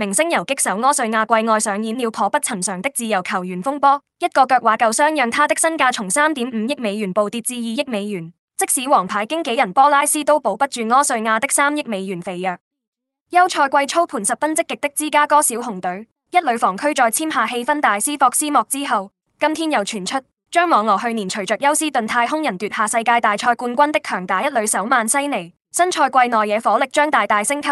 明星游擊手柯瑞亞季外上演了頗不尋常的自由球員風波，一個腳踝舊傷讓他的身價從三點五億美元暴跌至二億美元，即使王牌經紀人波拉斯都保不住柯瑞亞的三億美元肥約，休賽季操盤十分積極的芝加哥小紅隊一壘防區在簽下氣氛大師霍斯莫之後，今天又傳出將網羅去年隨着休斯頓太空人奪下世界大賽冠軍的強大一壘手曼西尼，新賽季內野火力將大大升級。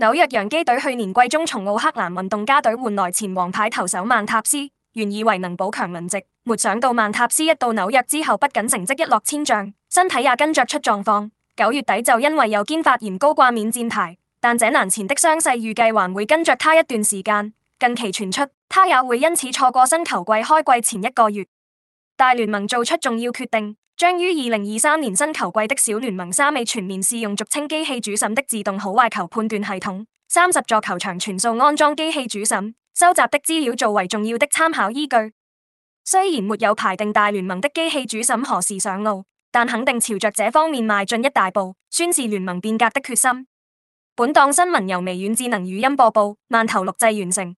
紐約洋基隊去年季中從奧克蘭運動家隊換來前王牌投手曼塔斯，原以為能補強輪值，沒想到曼塔斯一到紐約之後，不僅成績一落千丈，身體也跟着出狀況。九月底就因為右肩發炎高掛免戰牌，但這難纏的傷勢預計還會跟着他一段時間，近期傳出他也會因此錯過新球季開季前一個月。大聯盟做出重要決定，將於二零二三年新球季的小聯盟三未全面試用俗稱機器主審的自動好壞球判斷系統，三十座球場全數安裝機器主審，收集的資料作為重要的參考依據。雖然沒有排定大聯盟的機器主審何時上路，但肯定朝着這方面邁進一大步，宣示聯盟變革的決心。本檔新聞由微軟智能語音播報，萬頭錄製完成。